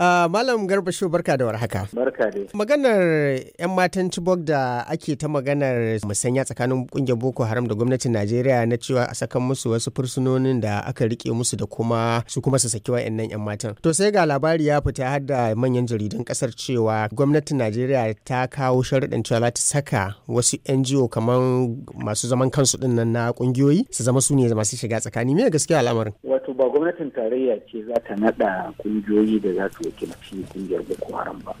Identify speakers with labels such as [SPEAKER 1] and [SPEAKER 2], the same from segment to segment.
[SPEAKER 1] Ah, Malam Garba shu barka da warhaka. Barka dai. Maganar 'yan matan Chibok da ake ta maganar musanya tsakanin kungiyar Boko Haram da gwamnatin Najeriya na cewa a sakan musu wasu fursunonin da aka rike musu da kuma su kuma su saki wa'annan 'yan matan. To sai ga labari ya fita har da manyan jaridun kasar cewa gwamnatin Najeriya ta kawo sharuɗin cewa za ta saka wasu NGO kamar masu zaman kansu ɗin nan na kungiyoyi su zama su ne masu shiga tsakani. Me gaskiya al'amarin? Wato ba gwamnatin tarayya
[SPEAKER 2] ce za ta naɗa kungiyoyi da za su wakilci kungiyar boko haram ba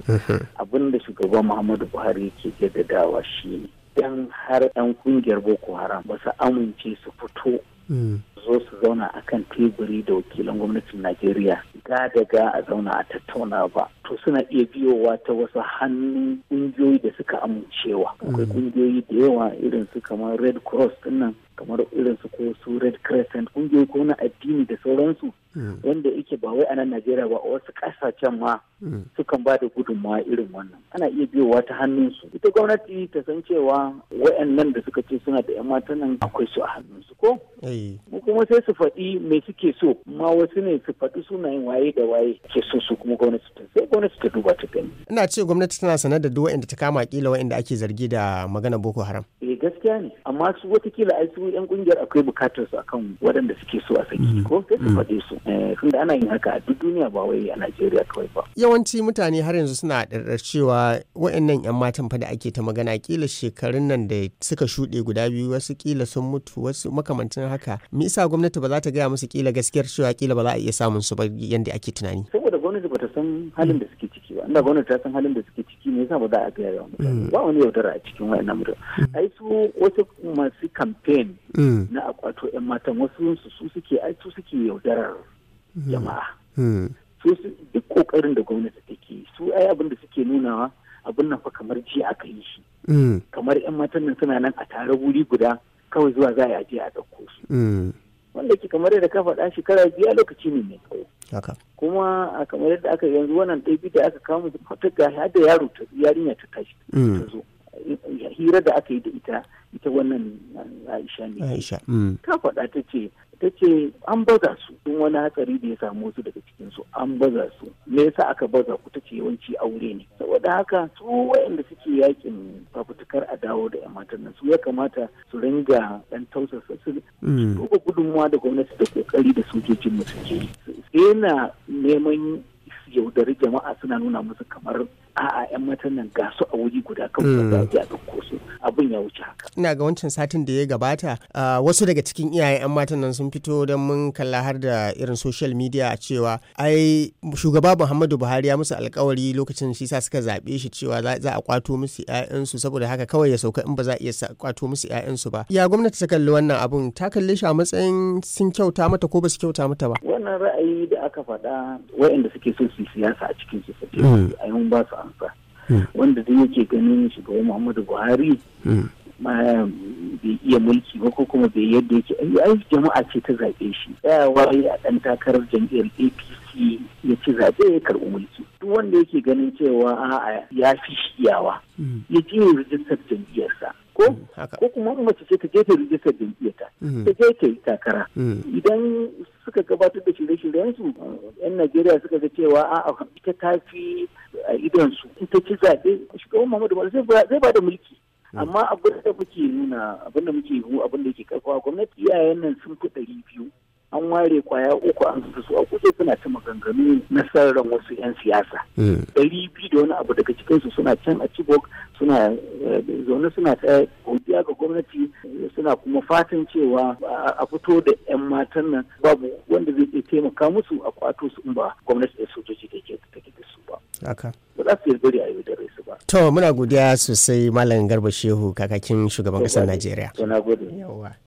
[SPEAKER 2] abin da shugaban muhammadu buhari ke jaddadawa shi ne dan har yan kungiyar boko haram ba su amince su fito mm. zo su zauna a kan teburi da wakilan gwamnatin najeriya ga da ga a zauna a tattauna ba to suna iya biyowa ta wasu hannun ƙungiyoyi da suka amincewa akwai mm. ƙungiyoyi da yawa irin su kamar red cross dinnan kamar irin su ko su red crescent ƙungiyoyi ko na addini da sauransu mm. wanda yake ba wai a nan najeriya ba wasu ƙasashen ma mm. sukan ba da gudunmawa irin wannan ana iya biyowa ta su. ita gwamnati ta san cewa wayannan da suka ce suna da 'yan matan nan akwai su a hannunsu ko eh. kuma sai su faɗi me suke so ma wasu ne su faɗi sunayen waye da waye ke so su kuma gwamnati ta sai gwamnati ta duba ta gani
[SPEAKER 1] ina ce gwamnati tana sanar da duk wa'anda ta kama kila waɗanda ake zargi da magana boko haram
[SPEAKER 2] gaskiya ne amma su watakila ai su yan kungiyar akwai bukatar su akan waɗanda suke so a saki mm. ko sai su mm. faɗe su eh, tunda ana yin haka a duk duniya ba wai a Najeriya kawai
[SPEAKER 1] ba yawanci mutane har yanzu suna ɗarɗar cewa waɗannan yan matan fa da ake ta magana kila shekarun nan da suka shuɗe guda biyu wasu kila sun mutu wasu makamancin haka me yasa gwamnati ba za ta gaya musu kila gaskiyar cewa kila ba za a iya samun su ba yanda ake tunani
[SPEAKER 2] saboda gwamnati ba ta san halin da suke inda gwamnati ta san halin da suke ciki ne yasa ba za a gaya yawan mm. ba wani yaudara a cikin wayannan mutum mm. ai su wasu masu campaign mm. na akwato yan matan wasu su suke ai su suke yaudarar jama'a su duk kokarin da gwamnati take su ai abin da suke nunawa abin nan fa kamar jiya aka yi shi kamar yan matan nan suna nan a tare wuri guda kawai zuwa za a je a ɗauko
[SPEAKER 1] su
[SPEAKER 2] wanda ke kamar yadda ka faɗa shekara biya lokaci ne mai tsawo kuma a kamar yadda aka yanzu wannan ɗabi da aka kama ta ga da yaro ta yarinya ta tashi mm. hira da aka yi da ita ita wannan
[SPEAKER 1] Aisha ne mm. ta
[SPEAKER 2] faɗa ta ce ta ce an baza su in wani hatsari da ya samu wasu daga cikin su an baza su me yasa aka baza ku ta ce yawanci aure ne saboda haka su wayanda suke yakin fafutukar a dawo da yan matan nan su ya kamata su ringa dan tausasa su mm. duba gudunmuwa da gwamnati da kokari da sojojin mu suke sai neman yaudari jama'a suna nuna musu kamar a'a yan matan nan ga su a wuri guda kawai da hmm. ya dauko su abin ya wuce haka.
[SPEAKER 1] Ina ga wancan satin da ya gabata wasu daga cikin iyayen yan matan nan sun fito don mun kalla har da irin social media cewa ai shugaba Muhammadu Buhari ya musu alkawari lokacin shi sa suka zaɓe shi cewa za a kwato musu 'ya'yansu. saboda haka kawai ya sauka in ba za a iya kwato musu 'ya'yansu ba. Ya gwamnati ta kalli wannan abun ta kalle shi a matsayin sun kyauta mata ko ba su kyauta mata ba. Wannan ra'ayi da aka faɗa wa'anda suke so su siyasa
[SPEAKER 2] a cikin su hmm. a mun ba su kansa hmm. wanda zai yake ganin shugaban muhammadu buhari hmm. bai iya mulki ba ko kuma bai yadda yake ai jama'a ce ta zaɓe shi tsayawa a ɗan takarar jam'iyyar apc ya ci zaɓe ya karɓi mulki duk wanda yake ganin cewa a'a ya fi shiyawa hmm. ya je rijistar jam'iyyarsa ko ko kuma mace ce ta je ta rijistar jam'iyyarta ta je ta yi takara idan suka gabatar da shirye-shiryensu yan najeriya suka ga cewa a ita ta fi a idonsu in ta ci zaɓe shugaban muhammadu buhari zai ba da mulki mm. amma abin da muke nuna abin da muke yi abin da ke karfawa gwamnati iyayen nan sun fi ɗari biyu an ware kwaya uku an su su a kusa suna ta maganganu na sararin wasu 'yan siyasa mm. ɗari biyu da wani abu daga cikinsu suna can a cibok suna eh, zaune suna ta gwamnati suna kuma fatan cewa a fito da 'yan matan nan babu wanda zai iya taimaka musu a kwato su in ba gwamnati da sojoji ke take da su
[SPEAKER 1] ba. Haka.
[SPEAKER 2] Ba za su yarda da ayo da su ba. To
[SPEAKER 1] muna godiya sosai Malam Garba Shehu kakakin shugaban ƙasar Najeriya.
[SPEAKER 2] na gode. Yawwa.